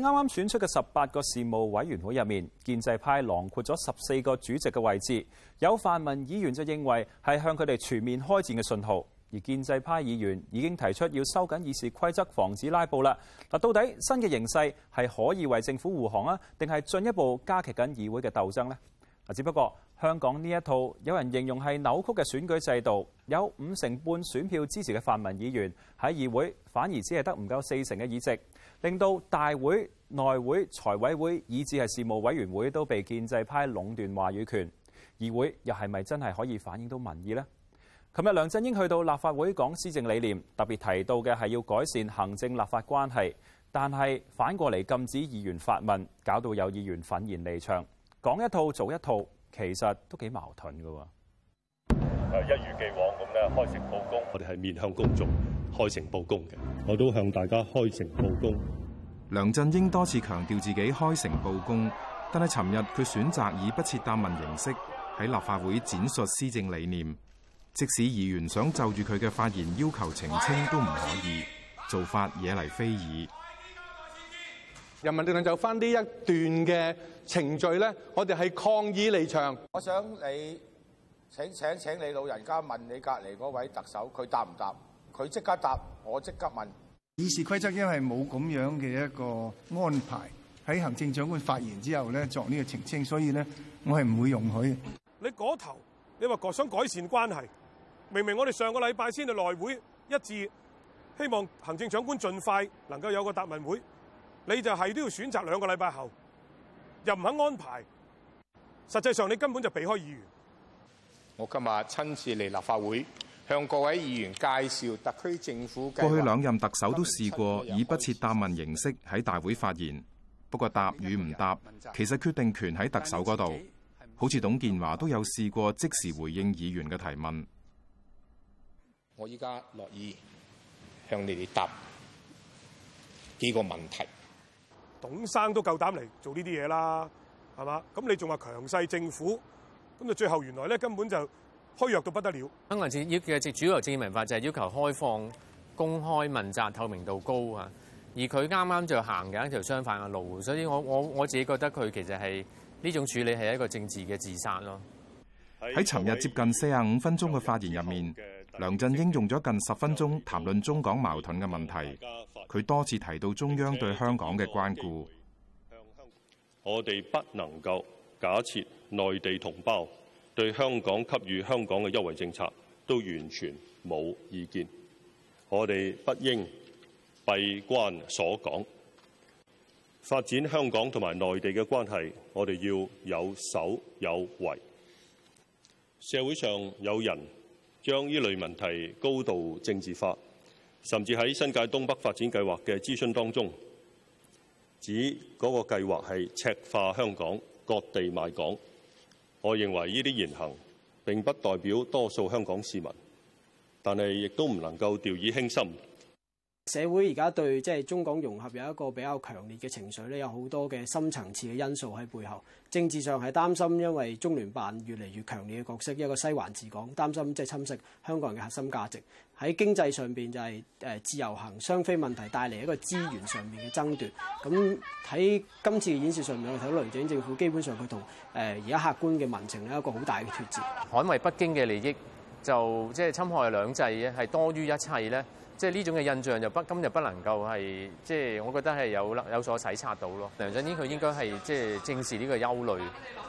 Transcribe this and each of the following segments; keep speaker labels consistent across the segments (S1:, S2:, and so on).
S1: 啱啱選出嘅十八個事務委員會入面，建制派囊括咗十四個主席嘅位置，有泛民議員就認為係向佢哋全面開戰嘅信號。而建制派議員已經提出要收緊議事規則，防止拉布啦。嗱，到底新嘅形勢係可以為政府護航啊，定係進一步加劇緊議會嘅鬥爭呢？嗱，只不過香港呢一套有人形容係扭曲嘅選舉制度。有五成半選票支持嘅泛民議員喺議會反而只係得唔夠四成嘅議席，令到大會、內會、財委會以至係事務委員會都被建制派壟斷話語權。議會又係咪真係可以反映到民意呢？琴日梁振英去到立法會講施政理念，特別提到嘅係要改善行政立法關係，但係反過嚟禁止議員發問，搞到有議員憤然離場，講一套做一套，其實都幾矛盾㗎喎。
S2: 一如既往咁咧，開誠布公。我哋係面向公眾開誠布公嘅，我都向大家開誠布
S3: 公。梁振英多次強調自己開誠布公，但係尋日佢選擇以不設答問形式喺立法會展述施政理念。即使議員想就住佢嘅發言要求澄清，都唔可以，做法惹嚟非議。人民力量就翻呢一段嘅程序咧，我哋係抗議離場。我想你。請請請你老人家問你隔離嗰位特首，佢答唔答？佢即刻答，我即刻問。
S4: 議事規則因為冇咁樣嘅一個安排，喺行政長官發言之後咧作呢個澄清，所以咧我係唔會容許
S5: 你嗰頭。你話想改善關係，明明我哋上個禮拜先就內會一致希望行政長官盡快能夠有個答問會，你就係都要選擇兩個禮拜後又唔肯安排。實際上你根本就避開議員。
S3: 我今日親自嚟立法會，向各位議員介紹特區政府。過去兩任特首都試過以不設答問形式喺大會發言，不過答與唔答，其實決定權喺特首嗰度。好似董建華都有試過即時回應議員嘅提問。我依家樂意向你哋答
S5: 幾個問題。董生都夠膽嚟做呢啲嘢啦，係嘛？咁你仲話強勢政府？咁就最後原來咧根本就虛弱到不得了。香港政要嘅最主流政治文化就係要求開放、公開、問責、透明度高啊！而佢啱啱就行緊一條相反嘅路，所以我我我自己覺得佢其實，係呢種處理係一個政治嘅自殺咯。喺尋日接近
S3: 四十五分鐘嘅發言入面，梁振英用咗近十分鐘談論中港矛盾嘅問題，佢多次提到中央對香港嘅關顧，
S2: 我哋不能夠假設。內地同胞對香港給予香港嘅優惠政策都完全冇意見。我哋不應閉關鎖港，發展香港同埋內地嘅關係。我哋要有守有為。社會上有人將呢類問題高度政治化，甚至喺新界東北發展計劃嘅諮詢當中，指嗰個計劃係赤化香港、割地賣港。我認為呢啲言行並不代表多數香港市民，但係亦都唔能夠掉以輕心。社會而家對即係中港融合有一個比較強烈嘅情緒咧，有好多嘅深層次嘅因素喺背後。政治上係擔心因為中聯辦越嚟越強烈嘅角色，一個西環治港，擔心即係侵蝕香港人嘅核心價值。喺經濟上邊就係誒自由行、雙非問題帶嚟一個資源上面嘅爭奪。咁喺今次嘅演示上面，我睇到梁振英政府基本上佢同誒而家客觀嘅民情有一個好大嘅脱節，捍衞北京嘅利益就即係侵
S5: 害兩制嘅，係多於一切咧。即係呢種嘅印象就不今日不能夠係，即係我覺得係有有所洗刷到咯。梁振英佢應該係即係正視呢個憂慮，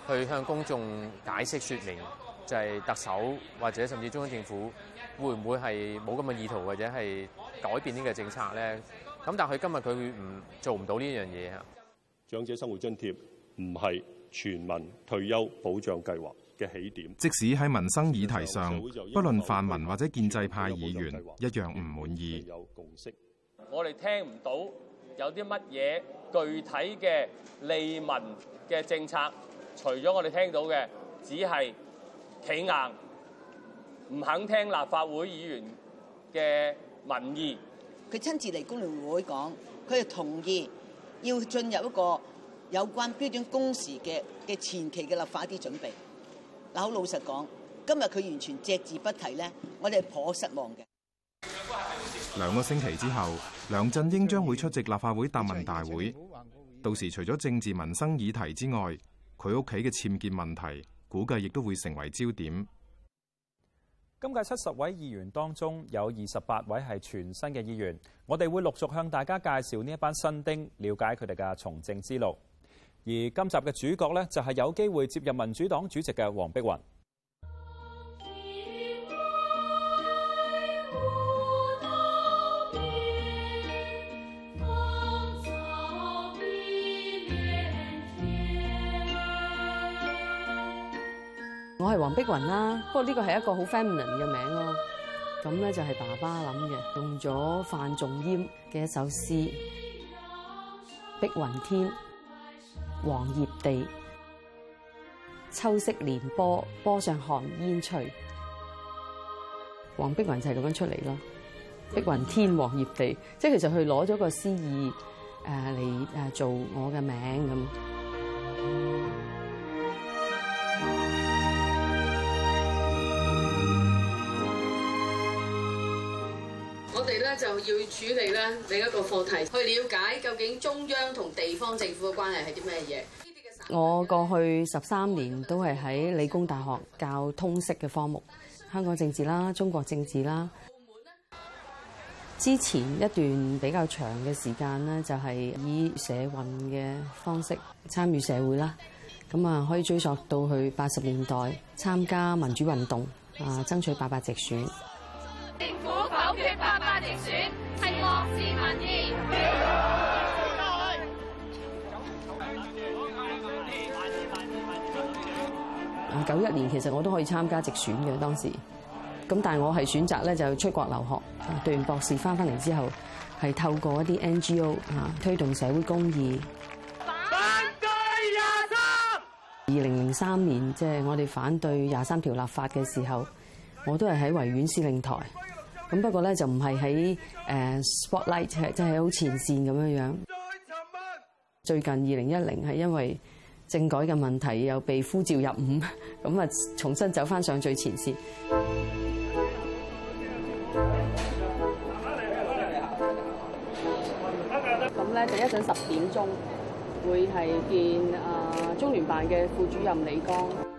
S5: 去向公眾解釋說明，就係、是、特首或者甚至中央政府
S2: 會唔會係冇咁嘅意圖或者係改變呢個政策咧？咁但係佢今日佢唔做唔到呢樣嘢啊！長者生活津貼唔係全民退休保障計劃嘅起點，
S3: 即使喺民生議題上，不論泛民或者建制派議員一樣唔滿意。有共識，
S2: 我哋聽唔到有啲乜嘢具體嘅利民嘅政策。除咗我哋聽到嘅，只係企硬，唔肯聽立法會議員嘅民意。
S6: 佢親自嚟工聯會講，佢係同意要進入一個有關標準工時嘅嘅前期嘅立法啲準備。嗱，好老實講，今日佢完全只字不提咧，我哋係頗失望嘅。
S3: 兩個星期之後，梁振英將會出席立法會答問大會，到時除咗政治民生議題之外，佢屋企嘅僭建問題估計亦都會成為焦點。
S1: 今屆七十位議員當中有二十八位係全新嘅議員，我哋會陸續向大家介紹呢一班新丁，了解佢哋嘅從政之路。而今集嘅主角咧，就係有機會接任民主黨主席嘅黃，黃碧雲。
S6: 我係黃碧雲啦，不過呢個係一個好 feminine 嘅名咯。咁咧就係爸爸諗嘅，用咗范仲淹嘅一首詩《碧雲天》。黃葉地，秋色連波，波上寒煙翠。黃碧雲就係咁樣出嚟咯，碧雲天，黃葉地，即係其實佢攞咗個詩意誒嚟誒做我嘅名咁。要處理咧另一個課題，去了解究竟中央同地方政府嘅關係係啲咩嘢。我過去十三年都係喺理工大學教通識嘅科目，香港政治啦、中國政治啦。之前一段比較長嘅時間呢，就係以社運嘅方式參與社會啦。咁啊，可以追溯到去八十年代參加民主運動啊，爭取八八直選。
S5: 政府否決直
S7: 選係
S6: 漠視民意。九一啊，九一年其實我都可以參加直選嘅，當時咁，但係我係選擇咧就出國留學，讀完博士，翻翻嚟之後係透過一啲 N G O 吓推動社會公義。
S7: 反對廿三。
S6: 二零零三年即係、就是、我哋反對廿三條立法嘅時候，我都係喺維園司令台。咁不過咧就唔係喺誒 spotlight，即係好前線咁樣樣。最近二零一零係因為政改嘅問題又被呼召入伍，咁啊重新走翻上最前線、嗯。咁咧就一陣十點鐘會係見啊中聯辦嘅副主任李剛。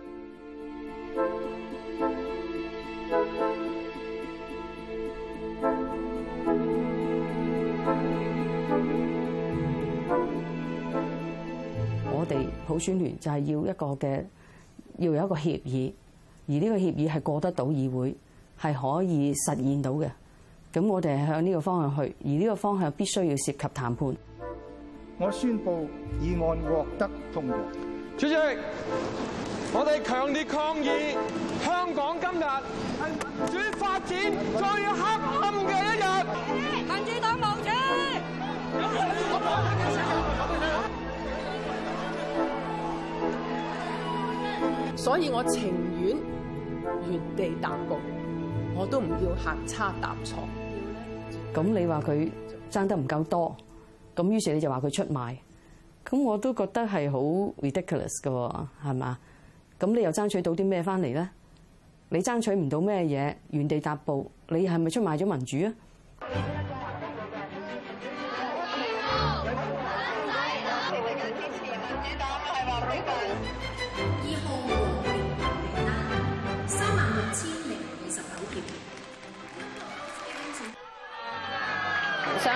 S6: 專聯就係要一個嘅，要有一個協議，而呢個協議係過得到議會，係可以實現到嘅。咁我哋係向呢個方向去，而呢個方向必須要涉及談判。
S4: 我宣布議案獲得通過，
S3: 主席，我哋強烈抗議香港今日係民主發展
S5: 最黑暗嘅一日。
S2: 所以我情願原地踏步，我都唔要
S1: 行差踏錯。
S6: 咁你話佢爭得唔夠多，咁於是你就話佢出賣，咁我都覺得係好 ridiculous 嘅喎，係嘛？咁你又爭取到啲咩翻嚟咧？你爭取唔到咩嘢，原地踏步，你係咪出賣咗民主啊？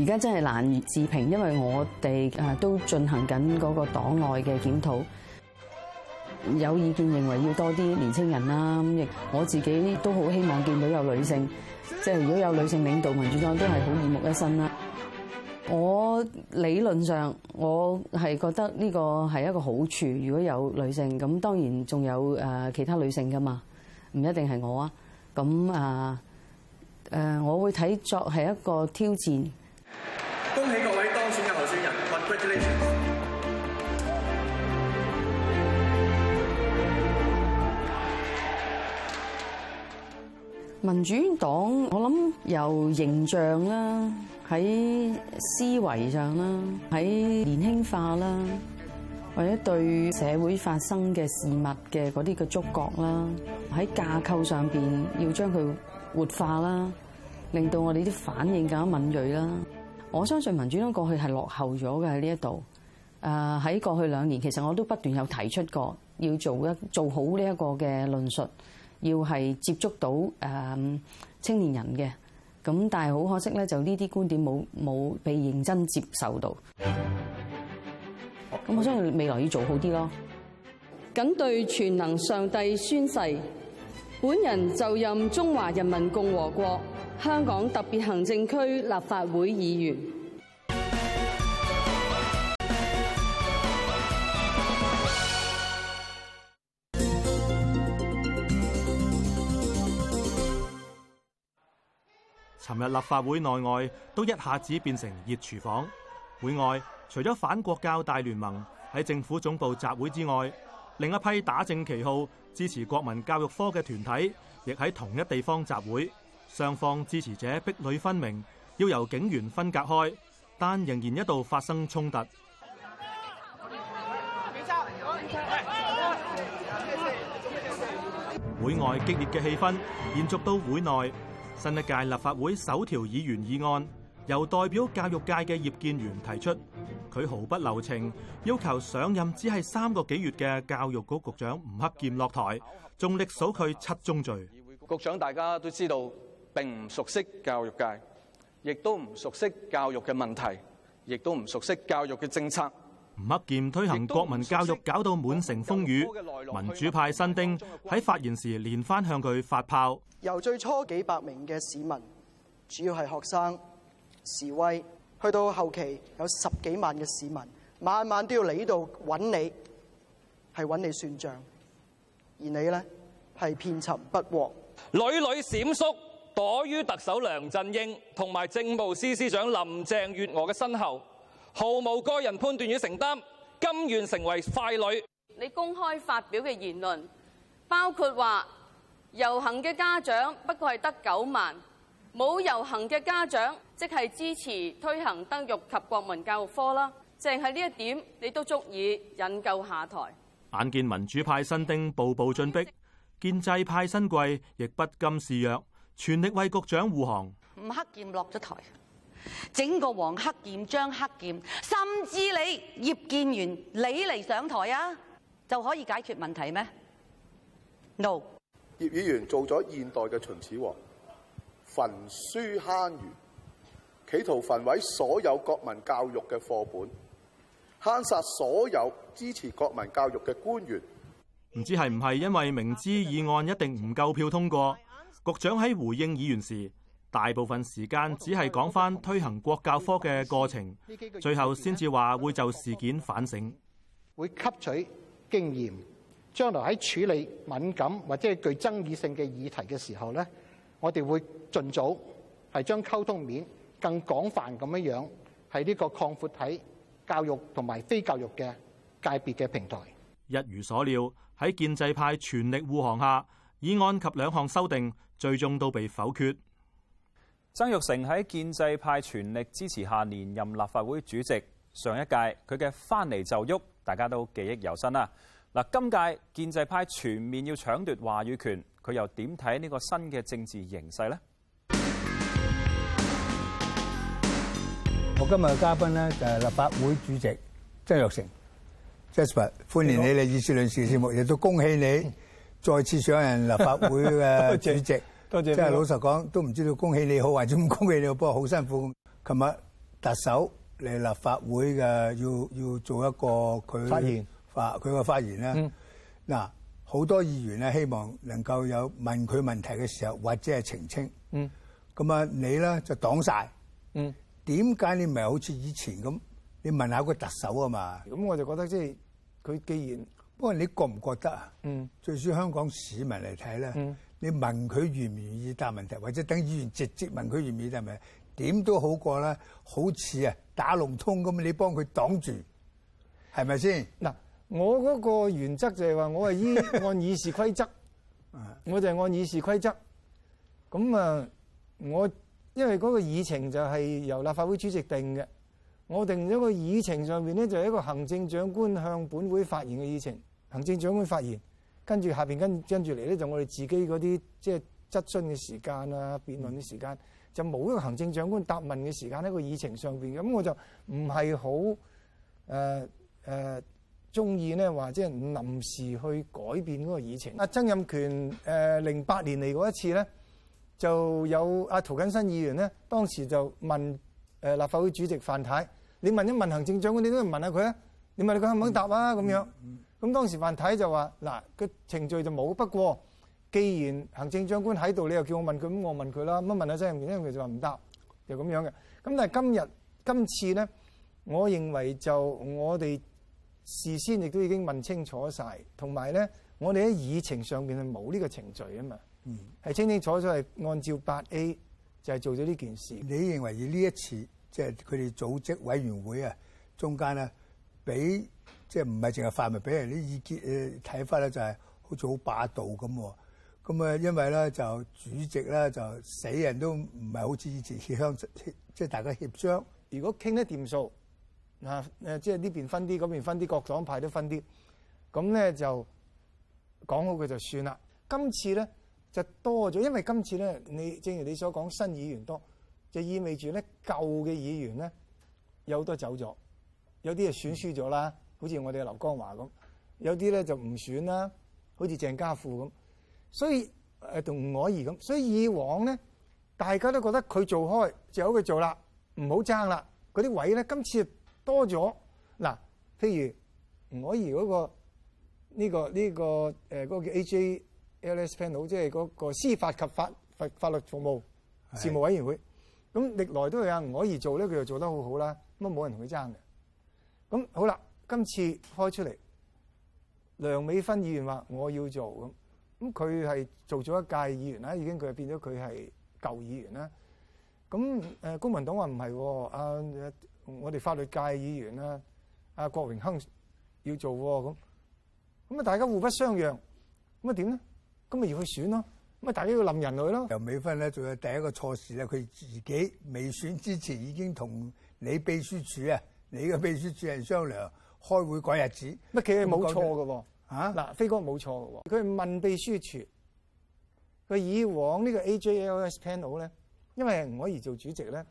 S6: 而家真係難以置評，因為我哋啊都進行緊嗰個黨內嘅檢討。有意見認為要多啲年青人啦，亦我自己都好希望見到有女性。即係如果有女性領導民主黨，都係好耳目一新啦。我理論上我係覺得呢個係一個好處。如果有女性咁，當然仲有誒其他女性㗎嘛，唔一定係我啊。咁啊誒，我會睇作係一個挑戰。
S5: 恭
S6: 喜各位當選嘅候選人！Congratulations！民主黨，我諗由形象啦，喺思維上啦，喺年輕化啦，或者對社會發生嘅事物嘅嗰啲嘅觸覺啦，喺架構上邊要將佢活化啦，令到我哋啲反應更加敏鋭啦。我相信民主黨過去係落後咗嘅喺呢一度，誒，喺、uh, 過去兩年其實我都不斷有提出過要做一做好呢一個嘅論述，要係接觸到誒、uh, 青年人嘅，咁但係好可惜咧，就呢啲觀點冇冇被認真接受到。咁我相信未來要做好啲咯。謹對全能上帝宣誓，本人就任中華人民共和國。香港特別行政區立法會議員。
S5: 尋日立法會內外都一下子變成熱廚房。會外，除咗反國教大聯盟喺政府總部集會之外，另一批打正旗號支持國民教育科嘅團體，亦喺同一地方集會。雙方支持者壁壘分明，要由警員分隔開，但仍然一度發生衝突。會外激烈嘅氣氛延續到會內。新一屆立法會首條議員議案由代表教育界嘅葉建源提出，佢毫不留情，要求上任只係三個幾月嘅教育局局長吳克儉落台，仲歷數佢七宗罪。局長大家都知道。並唔熟悉教育界，亦都唔熟悉教育嘅問題，亦都唔熟悉教育嘅政策。吳克儉推行國民教育，搞到滿城風雨。民主派新丁喺發言時，連番向佢發炮。
S6: 由最初幾百名嘅市民，主要係學生示威，去到後期有十幾萬嘅市民，晚晚都要嚟呢度揾你，係揾你算賬，而你呢，係遍尋不獲，
S1: 屢屢閃縮。躲於特首梁振英同埋政務司司長林鄭月娥嘅身後，毫無個人判斷要承擔，甘願成為傀儡。你
S6: 公開發表嘅言論，包括話遊行嘅家長不過係得九萬，冇遊行嘅家長即係支持推行德育及國民教育科啦。淨係呢一點，你都足以引咎下台。
S5: 眼見民主派新丁步步進逼，建制派新貴亦不甘示弱。全力為局長護航。
S6: 吳克儉落咗台，整個黃克儉、張克儉，甚至你葉建源，你嚟上台啊，就可以解決問題咩
S2: ？No。葉議員做咗現代嘅秦始皇，焚書坑儒，企圖焚毀所有國民教育嘅課本，坑殺所有支持國民教育嘅官員。
S5: 唔知係唔係因為明知議案一定唔夠票通過？局長喺回應議員時，大部分時間只係講翻推行國教科嘅過程，最後先至話會就事件反省，會吸取經驗，將來喺處理敏感或者係具爭議性嘅議題嘅時候呢，我哋會盡早係將溝通面更廣泛咁樣樣，係呢個擴闊喺教育同埋非教育嘅界別嘅平台。一如所料，喺建制派全力護航下，議案及兩項修訂，最終
S1: 都被否決。曾鈺成喺建制派全力支持下連任立法會主席。上一屆佢嘅翻嚟就喐，大家都記憶猶新啦。嗱，今屆建制派全面要搶奪話語權，佢又點睇呢個新嘅政治形勢呢？
S7: 我今日嘅嘉賓咧就係立法會主席曾鈺成。Jasper，歡迎你嚟議事論事嘅節目，亦都恭喜你。再次上任立法會嘅主席，多謝，即 係老實講，都唔知道恭喜你好，或者唔恭喜你，不過好辛苦。琴日特首嚟立法會嘅，要要做一個佢發佢嘅發言咧。嗱，好、嗯、多議員咧，希望能夠有問佢問題嘅時候，或者係澄清。咁、嗯、啊，咁你咧就擋曬。點、嗯、解你唔係好似以前咁？你問下個特首啊嘛。咁我就覺得即係佢既然。不過你覺唔覺得啊？嗯，最少香港市民嚟睇咧，你問佢願唔願意答問題，或者等議員直接問佢願唔願意答問題，係咪點都好過咧？好似啊
S4: 打龍通咁，你幫佢擋住，係咪先？嗱，我嗰個原則就係話，我係依按議事規則，我就係按議事規則。咁啊，我因為嗰個議程就係由立法會主席定嘅，我定咗個議程上邊咧，就係一個行政長官向本會發言嘅議程。行政長官發言，跟住下邊跟跟住嚟咧，就我哋自己嗰啲即係質詢嘅時間啊、辯論嘅時間，嗯、就冇一個行政長官答問嘅時間喺個議程上邊。咁、嗯、我就唔係好誒誒中意呢，或者係臨時去改變嗰個議程。阿曾蔭權誒零八年嚟嗰一次咧，就有阿涂謹申議員咧，當時就問誒、呃、立法會主席范太，你問一問行政長官，你點解唔問下佢啊？你問佢肯唔肯答啊？咁、嗯、樣。咁當時范太就話：嗱，個程序就冇。不過，既然行政長官喺度，你又叫我問佢，咁我問佢啦。乜問下真係唔得，佢就話唔答，就咁樣嘅。咁但係今日今次咧，我認為就我哋事先亦都已經問清楚晒，同埋咧，我哋喺議程上邊係冇呢個程序啊嘛。
S7: 嗯，
S4: 係清清楚楚係按照八 A 就係做咗呢件事。你認為以呢一次即係佢哋組
S7: 織委員會啊中間咧？俾即係唔係淨係發埋俾人啲意見誒睇法咧，就係好似好霸道咁喎。咁啊，因為咧就主席
S4: 咧就死人都唔係好似以前協商，即係大家協商。如果傾得掂數嗱誒，即係呢邊分啲，嗰邊分啲，各黨派都分啲，咁咧就講好佢就算啦。今次咧就多咗，因為今次咧你正如你所講，新議員多，就意味住咧舊嘅議員咧有好多走咗。有啲嘢選輸咗啦，好似我哋劉江華咁；有啲咧就唔選啦，好似鄭家富咁。所以誒，同吳靄儀咁。所以以往咧，大家都覺得佢做開就由佢做啦，唔好爭啦。嗰啲位咧，今次多咗嗱。譬如吳靄儀嗰個呢、呢個呢、呢個誒嗰、嗰個、叫 A.J. L.S. Panel，即係嗰個司法及法法法律服務事務委員會咁，歷來都有吳靄儀做咧，佢又做得好好啦，咁冇人同佢爭嘅。咁好啦，今次開出嚟，梁美芬議員話我要做咁，咁佢係做咗一屆議員啦，已經佢變咗佢係舊議員啦。咁誒公民黨話唔係，阿、啊、我哋法律界議員啦，阿、啊、郭榮鏗要做咁，咁啊大家互不相讓，咁啊點咧？咁咪要去選咯，咁啊大家要冧人落去咯。梁
S7: 美芬咧做嘅第一個錯事咧，佢自己未選之前已經同你秘
S4: 書處啊。你個秘書主任商量開會改日子，乜企係冇錯嘅喎？嗱、啊，飛哥冇錯嘅喎。佢係問秘書處，佢以往呢個 AJLS panel 咧，因為唔可以做主席咧，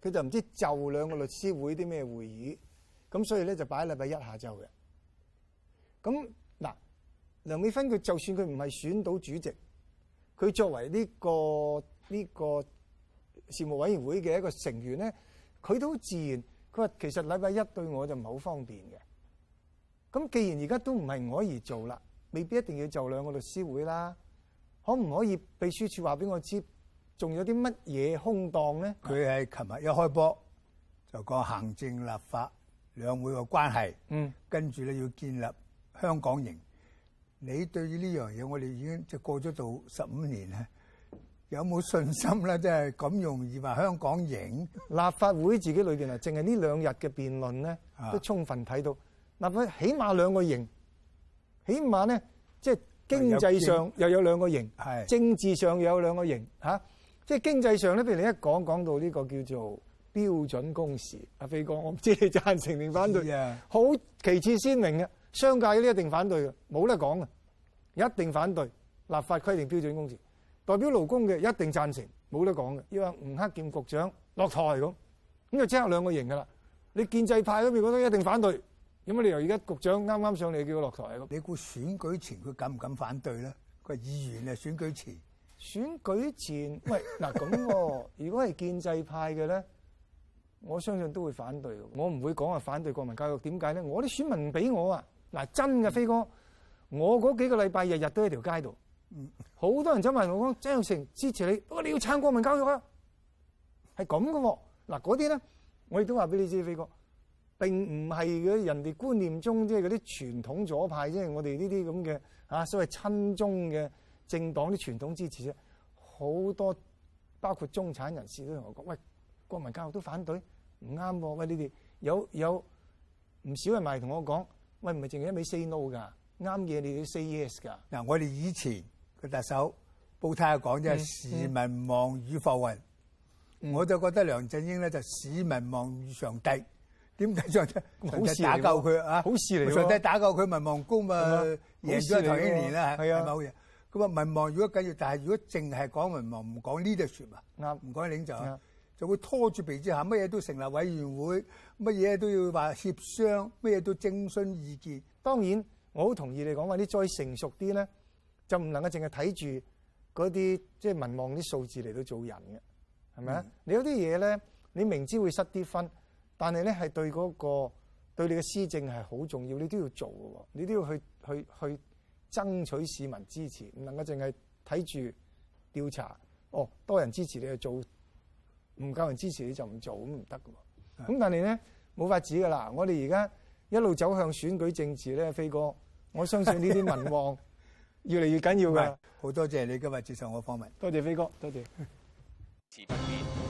S4: 佢就唔知就兩個律師會啲咩會議，咁所以咧就擺喺禮拜一下晝嘅。咁嗱，梁美芬佢就算佢唔係選到主席，佢作為呢、呢個呢、呢個事務委員會嘅一個成員咧，佢都自然。佢話其實禮拜一對我就唔係好方便嘅，咁既然而家都唔係我而做啦，未必一定要做兩個律師會啦，可唔可以秘書處話俾我知，仲有啲乜嘢空檔咧？佢係琴日一開波就
S7: 講行政立法兩會嘅關係，嗯、跟住咧要建立香港營。你對於呢樣嘢，我哋已經就過咗到十五年咧。
S4: 有冇信心咧？即係咁容易話香港贏？立法會自己裏邊啊，淨係呢兩日嘅辯論咧，都充分睇到立法會起碼兩個贏，起碼咧即係經濟上又有兩個贏，政治上又有兩個贏嚇。即係經濟上咧，譬如你一講講到呢個叫做標準工時，阿飛哥，我唔知你贊成定反對，好旗幟鮮明嘅商界呢一定反對嘅，冇得講嘅，一定反對立法規定標準工時。代表勞工嘅一定贊成，冇得講嘅。依家吳克儉局長落台咁，咁就即刻兩個型噶啦。你建制派嗰邊覺得一定反對，有乜理由？而家局長啱啱上嚟叫佢落台啊？你估選舉前佢敢唔敢反對咧？佢議員啊，選舉前選舉前，喂嗱咁喎。如果係建制派嘅咧， 我相信都會反對。我唔會講話反對國民教育，點解咧？我啲選民俾我啊，嗱真嘅飛、嗯、哥，我嗰幾個禮拜日日都喺條街度。嗯，好多人走埋同我講，曾鈺成支持你，不過你要撐國民教育啊，係咁噶喎。嗱，嗰啲咧，我亦都話俾你知，飛哥，並唔係人哋觀念中，即係嗰啲傳統左派，即係我哋呢啲咁嘅啊所謂親中嘅政黨啲傳統支持啊，好多包括中產人士都同我講，喂，國民教育都反對，唔啱喎。喂，你哋有有唔少人埋同我講，喂，唔係淨係一味 say no 噶，啱嘢你要 say yes 噶。
S7: 嗱，我哋以前。佢特首報太下
S4: 講啫，市、嗯
S7: 嗯、民望與浮雲、嗯，我就覺得梁振英咧就市民望與上帝，點解仲要上帝打救佢啊？好事嚟喎！上帝打救佢，民、啊、望高嘛，贏咗唐英年啦嚇，係咪好嘢？咁啊，民、嗯嗯、望如果緊要，但係如果淨係講民望唔講呢隻船啊，啱唔講領袖、嗯、就會拖住鼻子下。乜嘢都成立委員會，
S4: 乜嘢都要話協商，乜嘢都徵詢意見。當然我好同意你講話啲再成熟啲咧。就唔能夠淨係睇住嗰啲即係民望啲數字嚟到做人嘅，係咪啊？嗯、你有啲嘢咧，你明知會失啲分，但係咧係對嗰、嗰個對你嘅施政係好重要，你都要做㗎喎，你都要去去去爭取市民支持，唔能夠淨係睇住調查哦，多人支持你去做，唔夠人支持你就唔做咁唔得㗎喎。咁但係咧冇法子㗎喇，我哋而家一路走向選舉政治咧，飛哥，我相信呢啲民望。 越嚟越緊要㗎！好多謝你今日接受我訪問。多謝飛哥，多
S3: 謝。